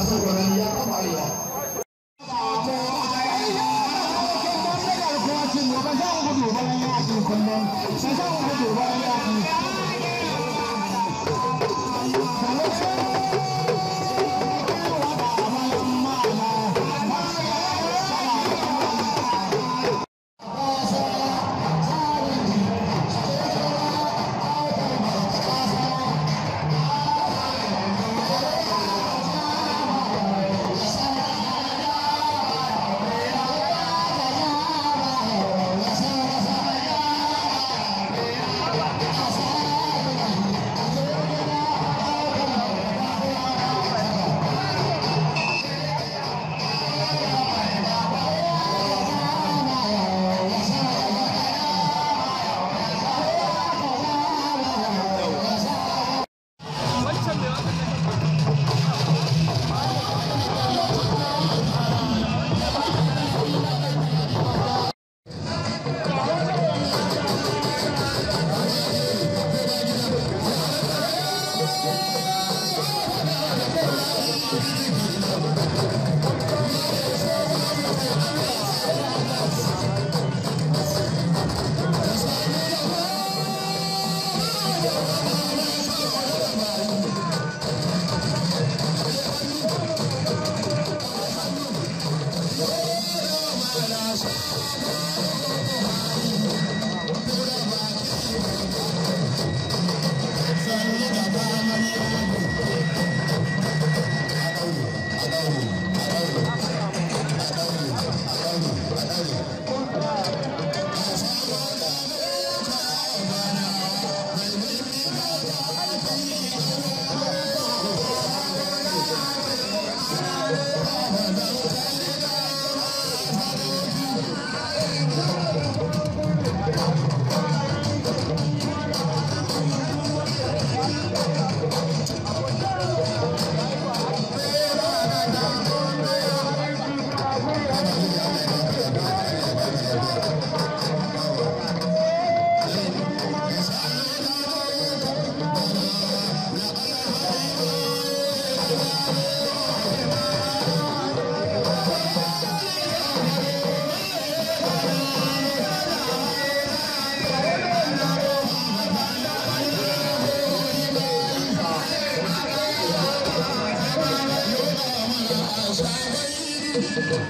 他是我的你要多少礼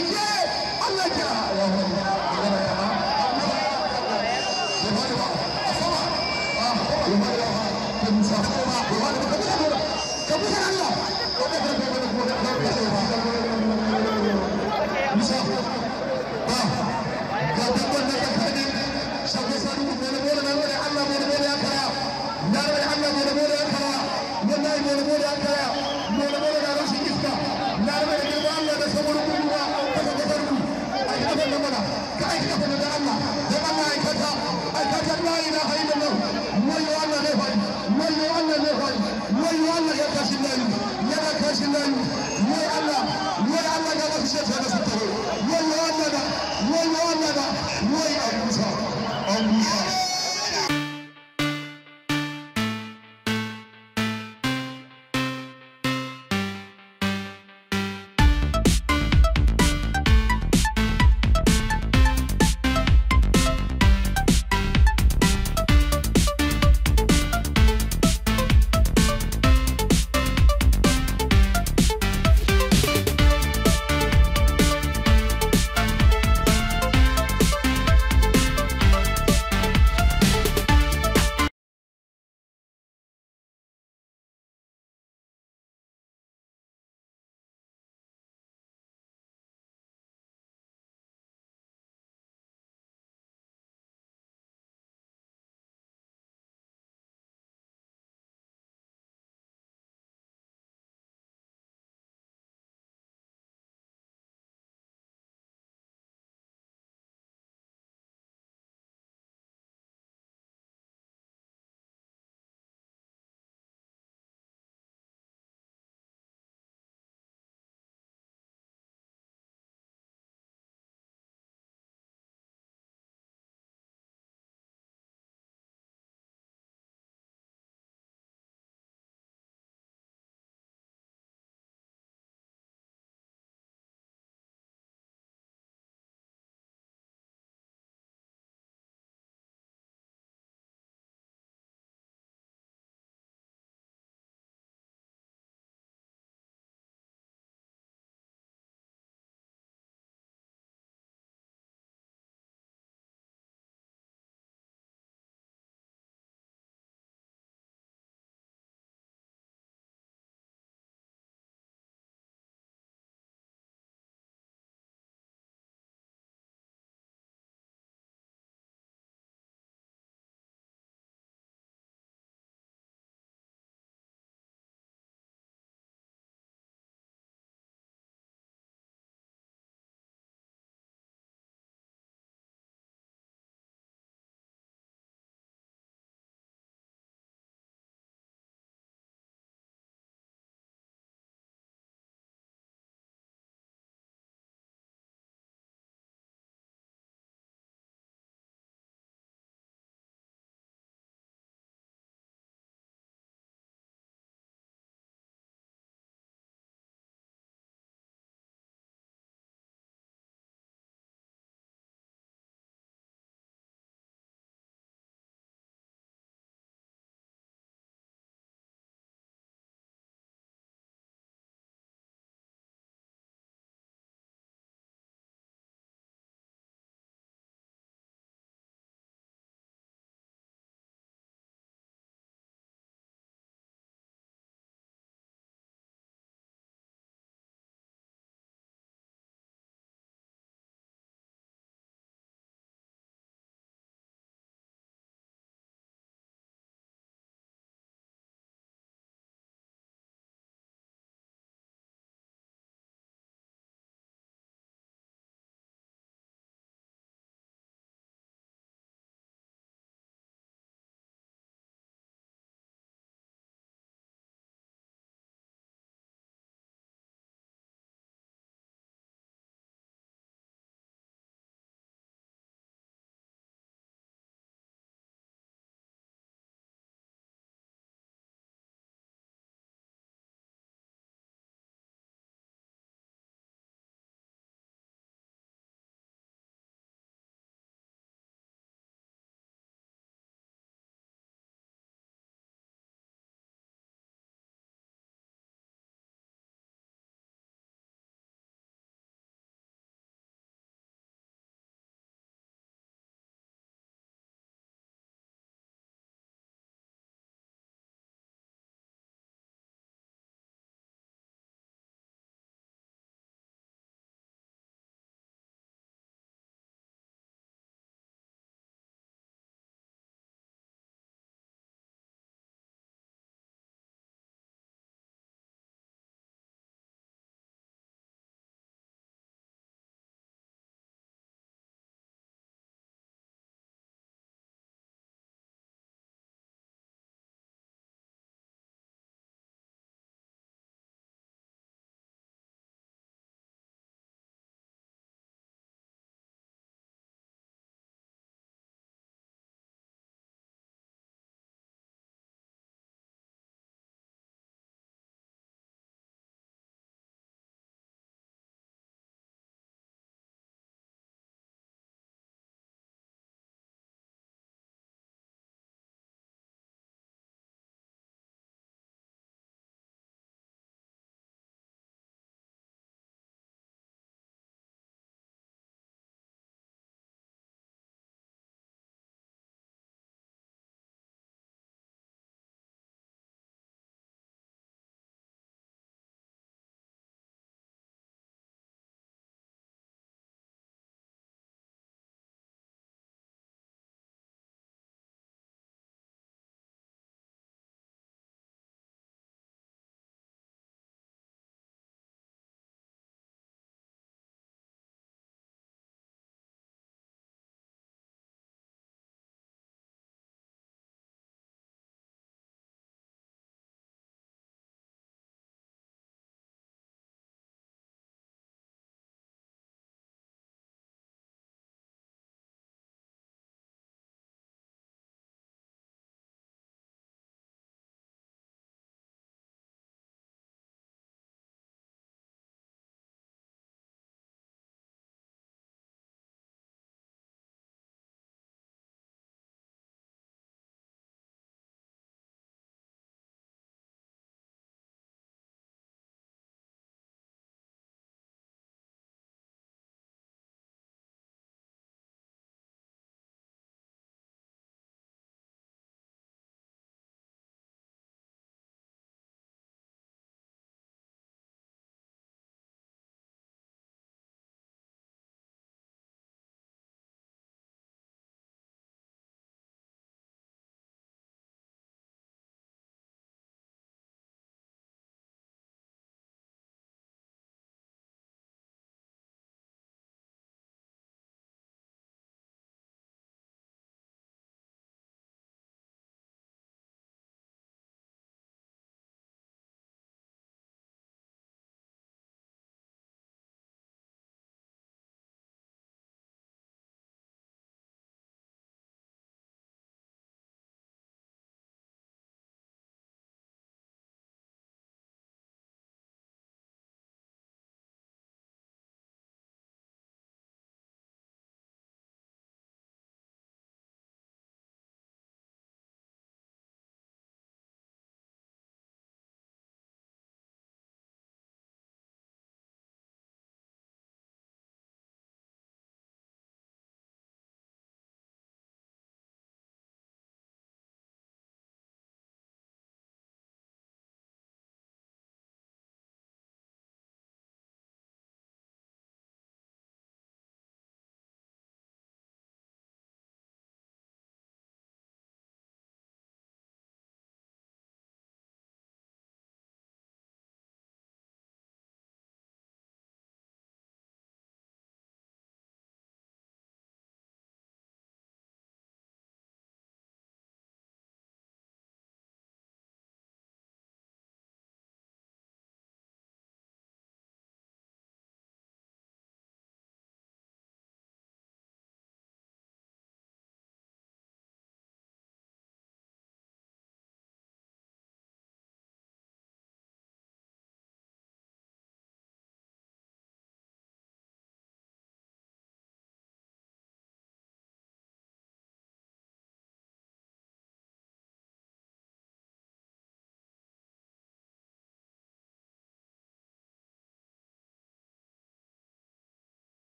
Yeah, yeah. wọ́n wọ́n lára wọ́n ìyàwó sọ ọ̀gbìn sọ.